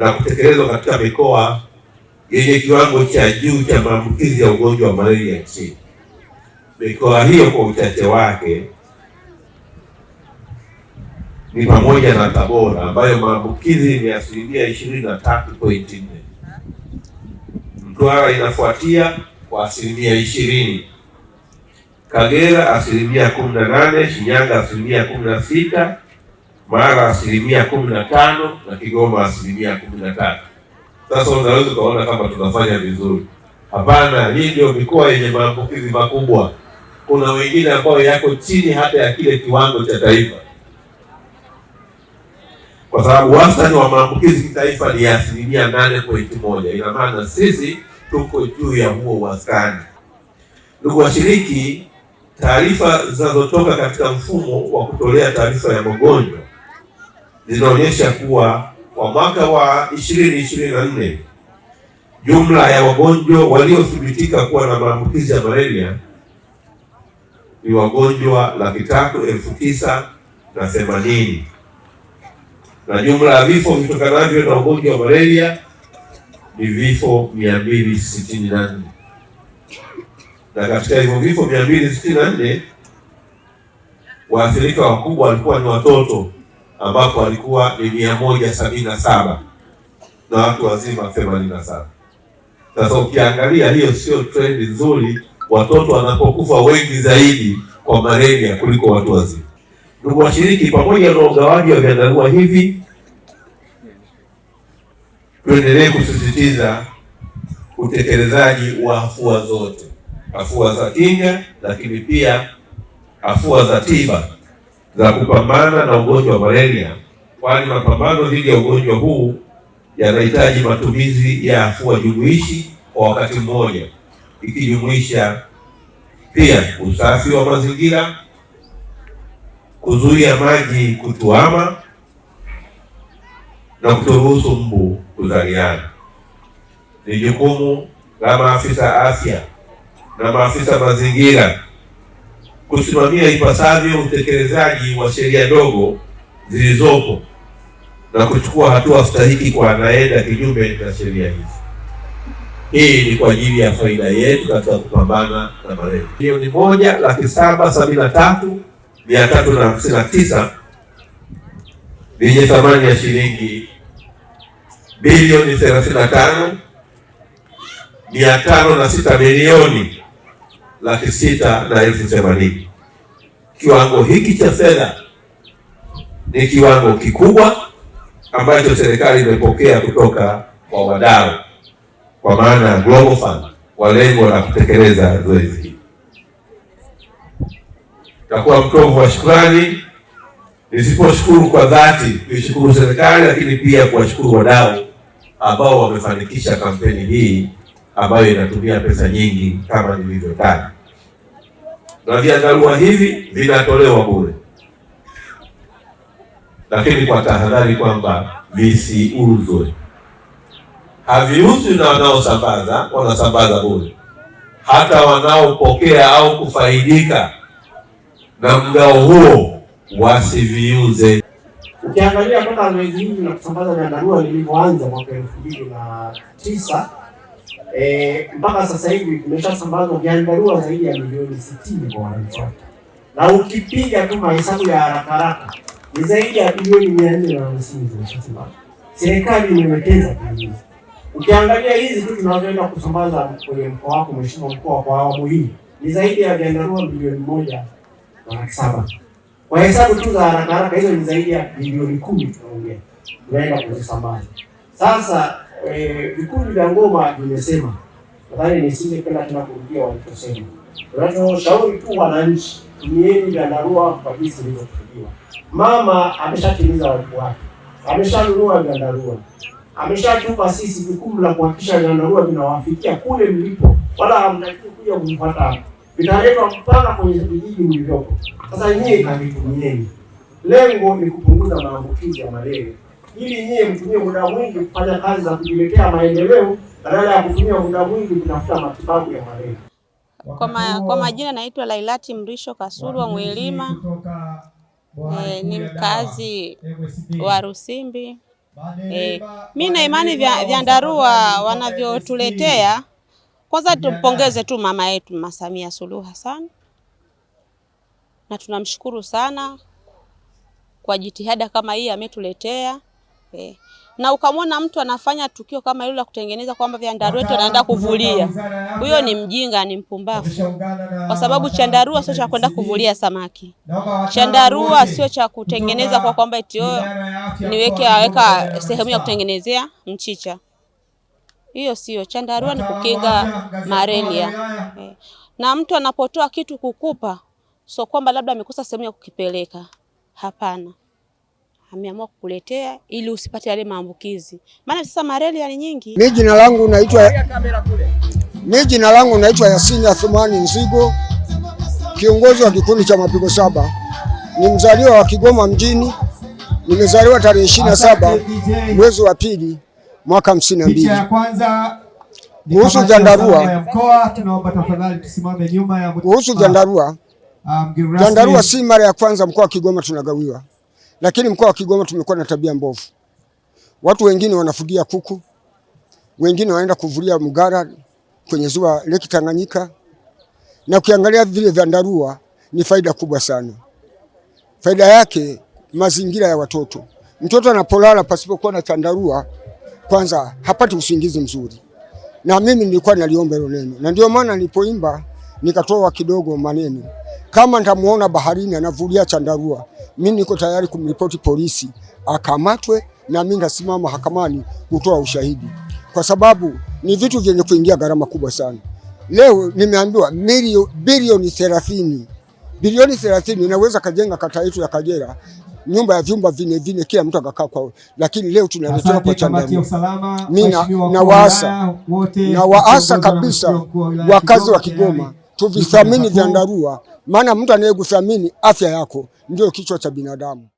na kutekelezwa katika mikoa yenye kiwango cha juu cha maambukizi ya ugonjwa wa malaria nchini. Mikoa hiyo kwa uchache wake ni pamoja na Tabora ambayo maambukizi ni asilimia ishirini na tatu pointi nne. Mtwara inafuatia kwa asilimia ishirini, Kagera asilimia kumi na nane, Shinyanga asilimia kumi na sita mara asilimia kumi na tano na Kigoma asilimia kumi na tatu. Sasa unaweza ukaona kama tunafanya vizuri. Hapana, hii ndio mikoa yenye maambukizi makubwa. Kuna wengine ambayo yako chini hata ya kile kiwango cha taifa, kwa sababu wastani wa maambukizi kitaifa ni asilimia nane pointi moja. Ina maana sisi tuko juu ya huo wastani. Ndugu washiriki, taarifa zinazotoka katika mfumo wa kutolea taarifa ya magonjwa zinaonyesha kuwa kwa mwaka wa 2024 jumla ya wagonjwa waliothibitika kuwa na maambukizi ya malaria ni wagonjwa laki tatu elfu tisa na themanini na jumla ya vifo vitokanavyo na ugonjwa wa malaria ni vifo 264 na katika hivyo vifo 264 waathirika wakubwa walikuwa ni watoto ambapo walikuwa ni mia moja sabini na saba na watu wazima themanini na saba. Sasa ukiangalia hiyo sio trendi nzuri, watoto wanapokufa wengi zaidi kwa malaria kuliko watu wazima. Ndugu washiriki, pamoja na ugawaji wa vyandarua hivi, tuendelee kusisitiza utekelezaji wa afua zote, afua za kinga, lakini pia afua za tiba za kupambana na ugonjwa wa malaria, kwani mapambano dhidi ya ugonjwa huu yanahitaji matumizi ya afua jumuishi kwa wakati mmoja, ikijumuisha pia usafi wa mazingira, kuzuia maji kutuama na kutoruhusu mbu kuzaliana. Ni jukumu la maafisa afya na maafisa mazingira kusimamia ipasavyo utekelezaji wa sheria ndogo zilizopo na kuchukua hatua stahiki kwa anaenda kinyume na sheria hizi. Hii ni kwa ajili ya faida yetu katika kupambana na malaria. Milioni moja laki saba sabini na tatu mia tatu na hamsini na tisa yenye thamani ya shilingi bilioni thelathini na tano mia tano na sita milioni laki sita na elfu themanini. Kiwango hiki cha fedha ni kiwango kikubwa ambacho serikali imepokea kutoka kwa wadau, kwa maana ya Global Fund, kwa lengo la kutekeleza zoezi hili. Takuwa mtovu wa shukrani nisiposhukuru kwa dhati kuishukuru serikali, lakini pia kuwashukuru wadau ambao wamefanikisha kampeni hii ambayo inatumia pesa nyingi kama nilivyotaja na vyandarua hivi vinatolewa bure, lakini kwa tahadhari kwamba visiuzwe. Haviuzwi na wanaosambaza, wanasambaza bure. Hata wanaopokea au kufaidika na mgao huo wasiviuze. Ukiangalia mpaka zoezi hili la kusambaza vyandarua lilivyoanza mwaka elfu mbili na tisa Eh, mpaka e, sasa hivi kumeshasambazwa vyandarua zaidi ya milioni sitini kwa wananchi wake, na ukipiga tu mahesabu ya haraka haraka ni zaidi ya bilioni mia nne na hamsini zimeshasambazwa. Serikali imewekeza kwenye Ukiangalia hizi tu tunazoenda kusambaza kwenye mkoa wako, mheshimiwa mkoa, kwa awamu hii ni zaidi ya vyandarua milioni moja na laki saba kwa hesabu tu za haraka haraka hizo ni zaidi ya bilioni kumi tunaongea tunaenda kuzisambaza sasa Eh, vikundi vya ngoma vimesema, nadhani nisingependa tena kurudia walichosema. Tunachoshauri tu wananchi, tumieni vyandarua kwa jinsi ilivyokusudiwa. Mama ameshatimiza wajibu wake, ameshanunua vyandarua, ameshatupa sisi jukumu la kuhakikisha vyandarua vinawafikia kule mlipo, wala hamtakiwi kuja kumfuata, vitaletwa mpaka kwenye vijiji mlivyopo. Sasa nyie kavitumieni, lengo ni kupunguza maambukizi ya malaria ili nyie mtumie muda mwingi kufanya kazi za kujiletea maendeleo badala ya kutumia muda mwingi kutafuta matibabu ya malaria. Kwa, ma, kwa majina naitwa Lailati Mrisho Kasulwa Mwilima, e, ni mkazi wa Rusimbi. E, mi na imani vya, vyandarua wanavyotuletea. Kwanza tumpongeze tu mama yetu Mama Samia Suluhu Hassan na tunamshukuru sana kwa jitihada kama hii ametuletea. Eh. na ukamwona mtu anafanya tukio kama hilo la kutengeneza kwamba vyandarua wetu anaenda kuvulia, huyo ni mjinga, ni mpumbavu, kwa sababu chandarua sio cha kwenda kuvulia samaki. Chandarua sio cha kutengeneza kwa kwamba eti oh, niweke aweka sehemu ya kutengenezea mchicha. Hiyo sio chandarua, ni kukinga malaria. Na mtu anapotoa kitu kukupa, sio kwamba labda amekosa sehemu ya kukipeleka. Hapana ameamua kukuletea ili usipate yale maambukizi, maana sasa malaria ni nyingi. Mimi jina langu naitwa mimi jina langu naitwa Yasini Athumani Nzigo, kiongozi wa kikundi cha mapigo saba. Ni mzaliwa wa Kigoma mjini, nimezaliwa tarehe ishirini na saba mwezi wa pili mwaka hamsini na mbili. Kuhusu vyandarua, kuhusu ah, vyandarua, vyandarua si mara ya kwanza mkoa wa Kigoma tunagawiwa lakini mkoa wa Kigoma tumekuwa na tabia mbovu. Watu wengine wanafugia kuku, wengine wanaenda kuvulia mgara kwenye ziwa Lake Tanganyika, na ukiangalia vile vyandarua ni faida kubwa sana. Faida yake mazingira ya watoto, mtoto anapolala pasipokuwa na chandarua, kwanza hapati usingizi mzuri, na mimi nilikuwa naliomba hilo neno, na ndio maana nilipoimba nikatoa kidogo maneno kama nitamuona baharini anavulia chandarua, mi niko tayari kumripoti polisi akamatwe, na mi nasimama mahakamani kutoa ushahidi, kwa sababu ni vitu vyenye kuingia gharama kubwa sana. Leo nimeambiwa bilioni thelathini, bilioni thelathini inaweza kajenga kata yetu ya Kagera nyumba ya vyumba vine vine, kila mtu akakaa kwao, lakini leo tunaletewa kwa chandarua. Mimi na waasa na waasa kabisa wakazi wa Kigoma tuvithamini vyandarua, maana mtu anayekuthamini afya yako ndio kichwa cha binadamu.